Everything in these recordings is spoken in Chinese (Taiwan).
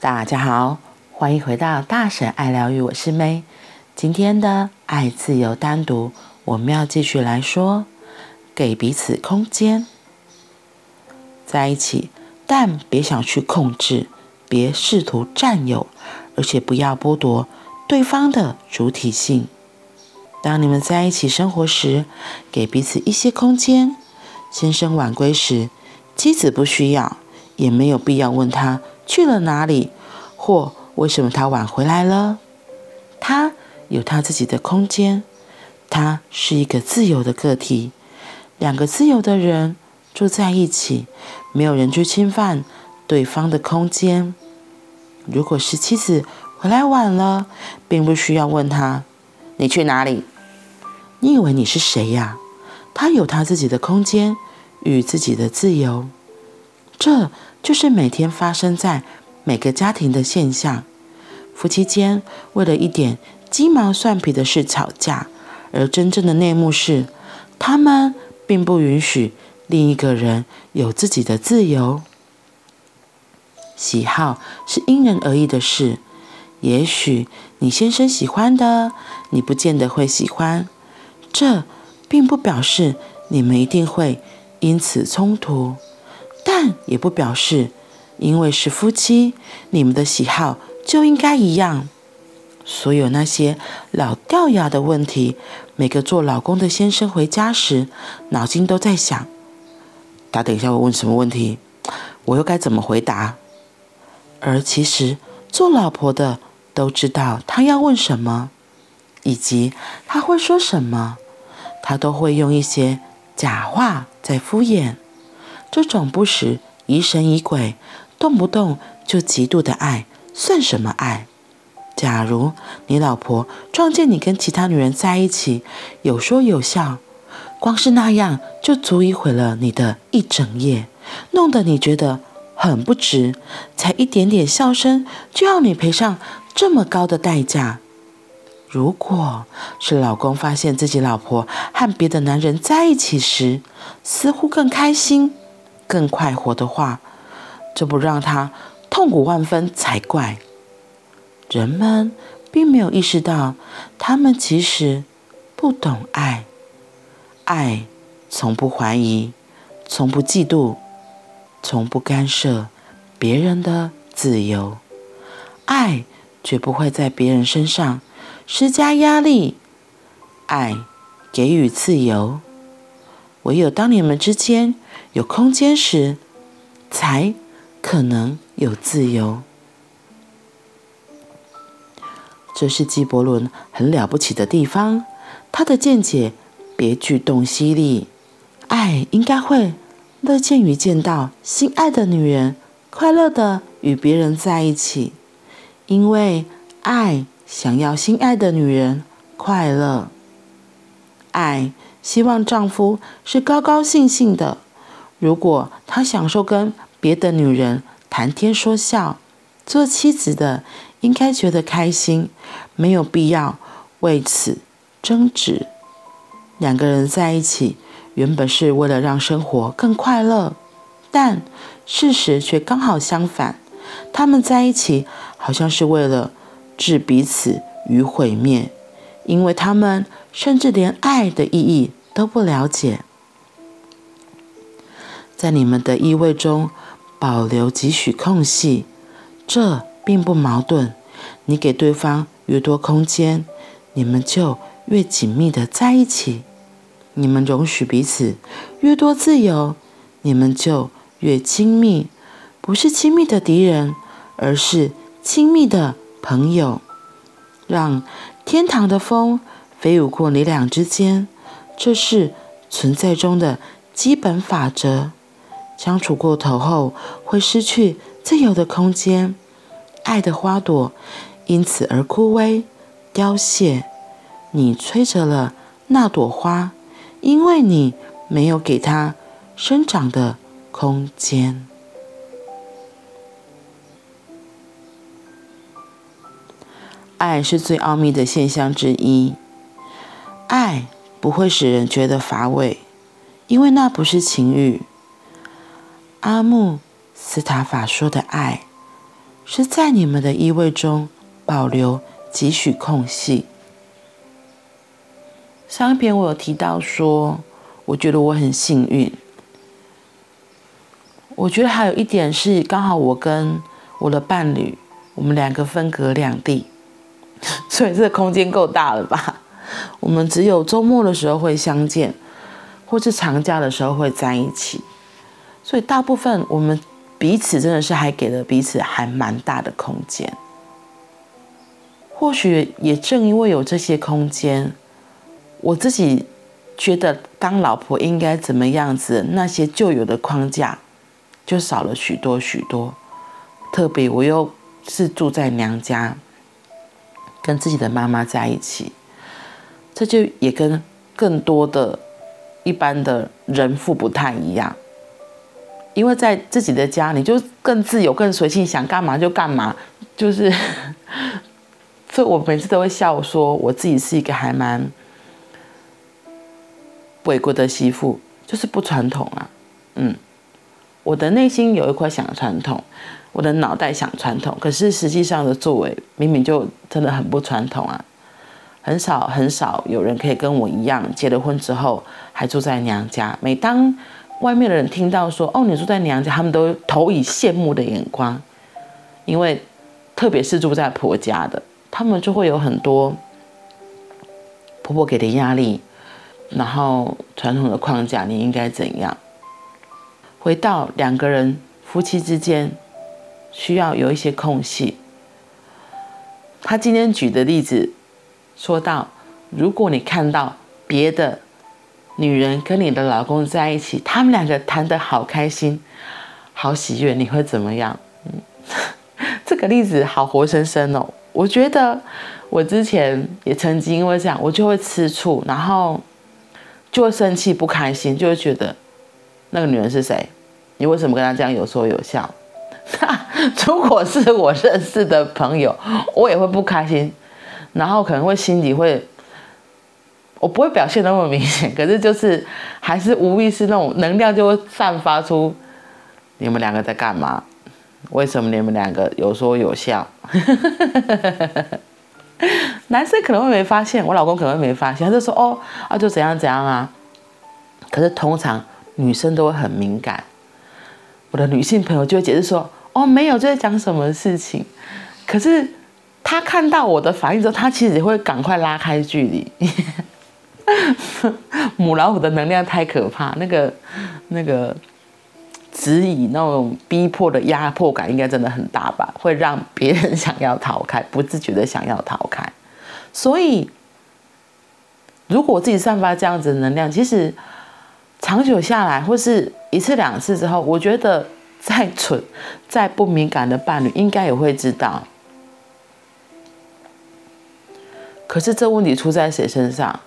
大家好，歡迎回到大神愛療癒，我是 May，今天的愛自由單獨，我們要繼續來說，給彼此空間，在一起，但別想去控制，別試圖占有，而且不要剝奪對方的主體性。當你們在一起生活時，給彼此一些空間。先生晚歸時，妻子不需要。也沒有必要問他去了哪裡，或為什麼他晚回來了。他有他自己的空間，他是一個自由的個體。兩個自由的人住在一起，沒有人去侵犯對方的空間。如果是妻子回來晚了，並不需要問他你去哪裡。你以為你是誰呀？他有他自己的空間與自己的自由。這。就是每天發生在每個家庭的現象。夫妻間為了一點雞毛蒜皮的事吵架，而真正的內幕是，他們並不允許另一個人有自己的自由。喜好是因人而異的事，也許你先生喜歡的，你不見得會喜歡。這並不表示你們一定會因此衝突。但也不表示，因為是夫妻，你們的喜好就應該一樣。所有那些老掉牙的問題，每個做老公的先生回家時，腦筋都在想：他等一下會問什麼問題，我又該怎麼回答？而其實做老婆的都知道他要問什麼，以及他會說什麼，他都會用一些假話在敷衍。這種不時疑神疑鬼、動不動就嫉妒的愛算什麼愛？假如你老婆撞見你跟其他女人在一起，有說有笑，光是那樣就足以毀了你的一整夜，弄得你覺得很不值，才一點點笑聲就要你賠上這麼高的代價。如果是老公發現自己老婆和別的男人在一起時，似乎更開心。更快活的話，這不讓他痛苦萬分才怪。人們並沒有意識到，他們其實不懂愛。愛從不懷疑，從不嫉妒，從不干涉別人的自由。愛絕不會在別人身上施加壓力。愛給予自由。唯有當你們之間……有空間時，才可能有自由。這是紀伯倫很了不起的地方，他的見解別具洞悉力。愛應該會樂見於見到心愛的女人快樂地與別人在一起，因為愛想要心愛的女人快樂，愛希望丈夫是高高興興的。如果他享受跟別的女人談天說笑，做妻子的應該覺得開心，沒有必要為此爭執。兩個人在一起，原本是為了讓生活更快樂，但事實卻剛好相反。他們在一起，好像是為了置彼此於毀滅，因為他們甚至連愛的意義都不了解。在你們的依偎中保留幾許空隙，這並不矛盾。你給對方越多空間，你們就越緊密的在一起。你們容許彼此越多自由，你們就越親密。不是親密的敵人，而是親密的朋友。讓天堂的風飛舞過你倆之間，這是存在中的基本法則。相處過頭後，會失去自由的空間，愛的花朵因此而枯萎凋謝。你摧折了那朵花，因為你沒有給它生長的空間。愛是最奧秘的現象之一，愛不會使人覺得乏味，因為那不是情欲。阿穆斯塔法說的愛，是在你們的依偎中保留幾許空隙。上一篇我有提到說，我覺得我很幸運。我覺得還有一點是，剛好我跟我的伴侶，我們兩個分隔兩地，所以這個空間夠大了吧？我們只有周末的時候會相見，或是長假的時候會在一起。所以，大部分我們彼此真的是還給了彼此還蠻大的空間。或許也正因為有這些空間，我自己覺得當老婆應該怎麼樣子，那些舊有的框架就少了許多許多。特別我又是住在娘家，跟自己的媽媽在一起，這就也跟更多的一般的人婦不太一樣。因為在自己的家，你就更自由、更隨性，想幹嘛就幹嘛，就是。 所以我每次都會笑說，我自己是一個還蠻不違規的媳婦，就是不傳統啊。嗯，我的內心有一塊想傳統，我的腦袋想傳統，可是實際上的作為明明就真的很不傳統啊。很少很少有人可以跟我一樣，結了婚之後還住在娘家。每當外面的人聽到說：“哦，你住在娘家，他們都投以羨慕的眼光，因為，特別是住在婆家的，他們就會有很多婆婆給的壓力，然後傳統的框架，你應該怎樣？回到兩個人夫妻之間，需要有一些空隙。”他今天舉的例子，說到，如果你看到別的。女人跟你的老公在一起，他們兩個談得好開心，好喜悅，你會怎麼樣？嗯，這個例子好活生生哦。我覺得我之前也曾經因為這樣，我就會吃醋，然後就會生氣、不開心，就會覺得那個女人是誰？你為什麼跟她這樣有說有笑哈哈？那如果是我認識的朋友，我也會不開心，然後可能會心裡會。我不會表現那麼明顯，可是就是還是無意識那種能量就會散發出你們兩個在幹嘛？為什麼你們兩個有說有笑？ 男生可能會沒發現，我老公可能會沒發現，他就說哦那、啊、就怎樣怎樣啊。可是通常女生都會很敏感，我的女性朋友就會解釋說哦沒有就在講什麼事情。可是她看到我的反應之後，她其實也會趕快拉開距離。 母老虎的能量太可怕，那個、那個，指以那種逼迫的壓迫感，應該真的很大吧？會讓別人想要逃開，不自覺的想要逃開。所以，如果我自己散發這樣子的能量，其實長久下來，或是一次兩次之後，我覺得再蠢、再不敏感的伴侶，應該也會知道。可是，這問題出在誰身上？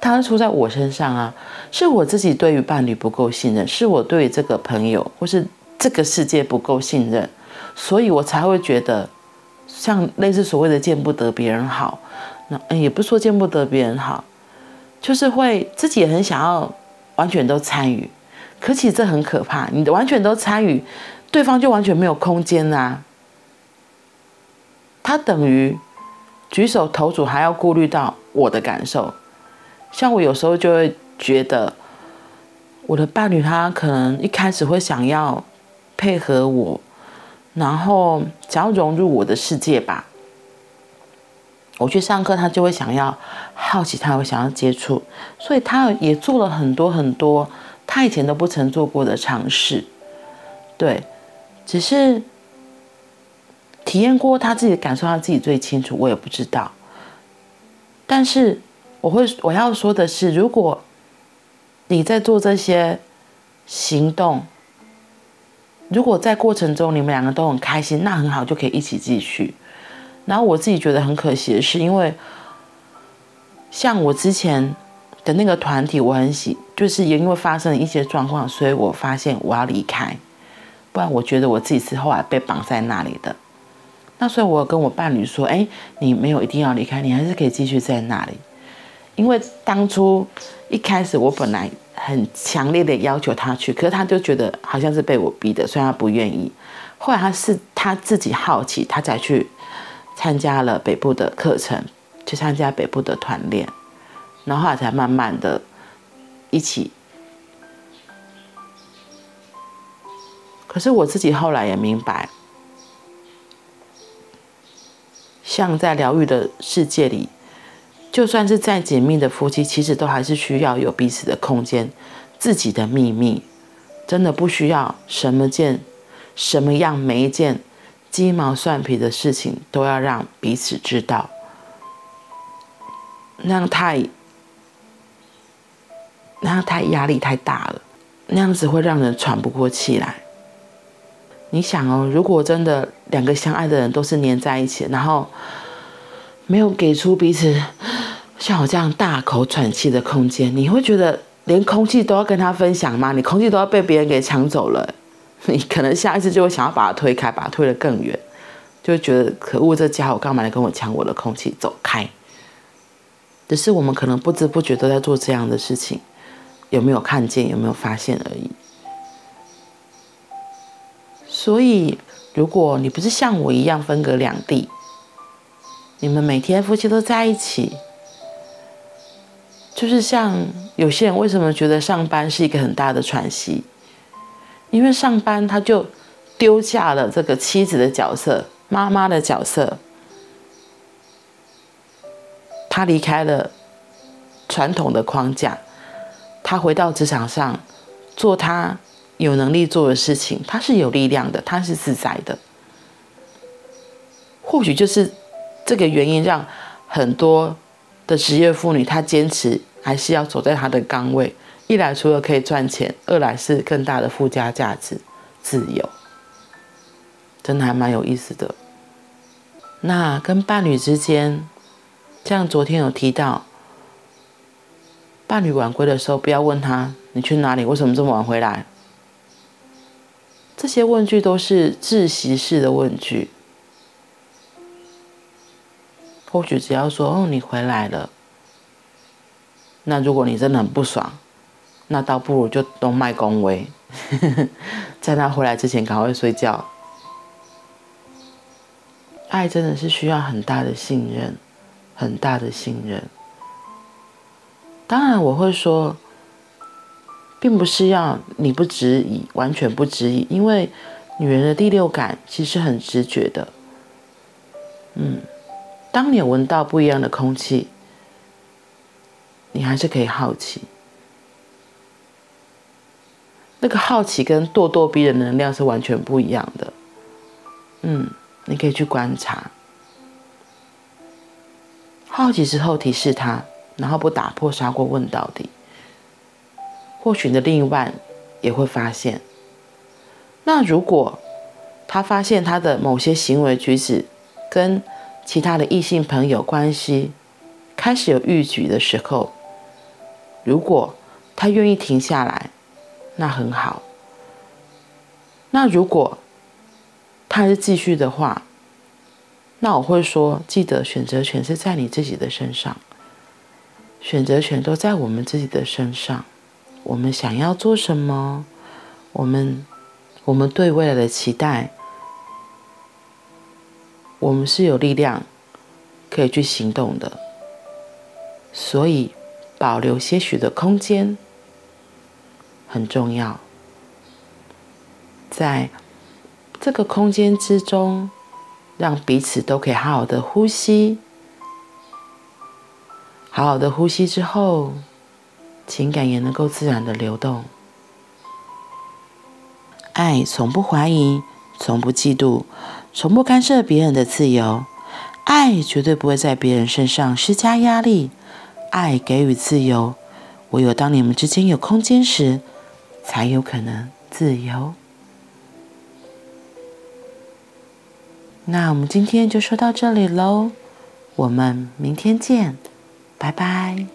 他是出在我身上啊，是我自己對於伴侶不夠信任，是我對於這個朋友或是這個世界不夠信任，所以我才會覺得像類似所謂的見不得別人好，那也不是說見不得別人好，就是會自己也很想要完全都參與，可其實這很可怕，你的完全都參與，對方就完全沒有空間啦、啊。他等於舉手投足還要顧慮到我的感受。像我有時候就會覺得，我的伴侶他可能一開始會想要配合我，然後想要融入我的世界吧。我去上課，他就會想要好奇他，他會想要接觸，所以他也做了很多很多他以前都不曾做過的嘗試。對，只是體驗過他自己的感受，他自己最清楚，我也不知道。但是。我會，我要說的是，如果你在做這些行動，如果在過程中你們兩個都很開心，那很好，就可以一起繼續。然後我自己覺得很可惜的是，因為像我之前的那個團體，我很喜，就是也因為發生了一些狀況，所以我發現我要離開，不然我覺得我自己是後來被綁在那裡的。那所以我跟我伴侶說：“哎，你沒有一定要離開，你還是可以繼續在那裡。”因為當初一開始，我本來很強烈的要求他去，可是他就覺得好像是被我逼的，所以他不願意。後來他是他自己好奇，他才去參加了北部的課程，去參加北部的團練，然後後來才慢慢的一起。可是我自己後來也明白，像在療癒的世界裡。就算是再緊密的夫妻，其實都還是需要有彼此的空間、自己的秘密。真的不需要什麼件、什麼樣，每一件雞毛蒜皮的事情都要讓彼此知道，那樣太、那太壓力太大了，那樣子會讓人喘不過氣來。你想哦，如果真的兩個相愛的人都是黏在一起，然後。沒有給出彼此像我這樣大口喘氣的空間，你會覺得連空氣都要跟他分享嗎？你空氣都要被別人給搶走了，你可能下一次就會想要把它推開，把它推得更遠，就會覺得可惡，這傢伙幹嘛來跟我搶我的空氣？走開！只是我們可能不知不覺都在做這樣的事情，有沒有看見？有沒有發現而已？所以，如果你不是像我一樣分隔兩地，你們每天夫妻都在一起，就是像有些人為什麼覺得上班是一個很大的喘息？因為上班他就丟下了這個妻子的角色、媽媽的角色，他離開了傳統的框架，他回到職場上做他有能力做的事情，他是有力量的，他是自在的，或許就是。這個原因讓很多的職業婦女她堅持還是要走在她的崗位，一來除了可以賺錢，二來是更大的附加價值、自由，真的還蠻有意思的。那跟伴侶之間，像昨天有提到，伴侶晚歸的時候，不要問他你去哪裡，為什麼這麼晚回來？這些問句都是窒息式的問句。或許只要說“哦，你回來了”，那如果你真的很不爽，那倒不如就都賣恭維， 在他回來之前趕快睡覺。愛真的是需要很大的信任，很大的信任。當然，我會說，並不是要你不質疑，完全不質疑，因為女人的第六感其實很直覺的，嗯。當你有聞到不一樣的空氣，你還是可以好奇。那個好奇跟咄咄逼人的能量是完全不一樣的。嗯，你可以去觀察，好奇之後提示他，然後不打破砂鍋問到底。或許你的另一半也會發現。那如果他發現他的某些行為舉止跟其他的異性朋友關係開始有逾矩的時候，如果他願意停下來，那很好。那如果他還是繼續的話，那我會說：記得選擇權是在你自己的身上，選擇權都在我們自己的身上。我們想要做什麼，我們我們對未來的期待。我們是有力量可以去行動的，所以保留些許的空間很重要。在這個空間之中，讓彼此都可以好好的呼吸。好好的呼吸之後，情感也能夠自然的流動。愛從不懷疑，從不嫉妒。從不干涉別人的自由，愛絕對不會在別人身上施加壓力，愛給予自由。唯有當你們之間有空間時，才有可能自由。那我們今天就說到這裡嘍，我們明天見，拜拜。